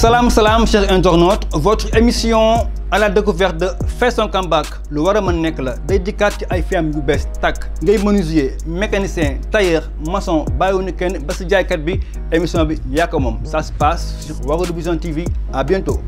Salam Salam chers internautes votre émission à la découverte de Fais son comeback le war a à à IFM day TAC, ci ay yu ngay mécanicien tailleur maçon émission bi ça se passe sur Waarwi TV à bientôt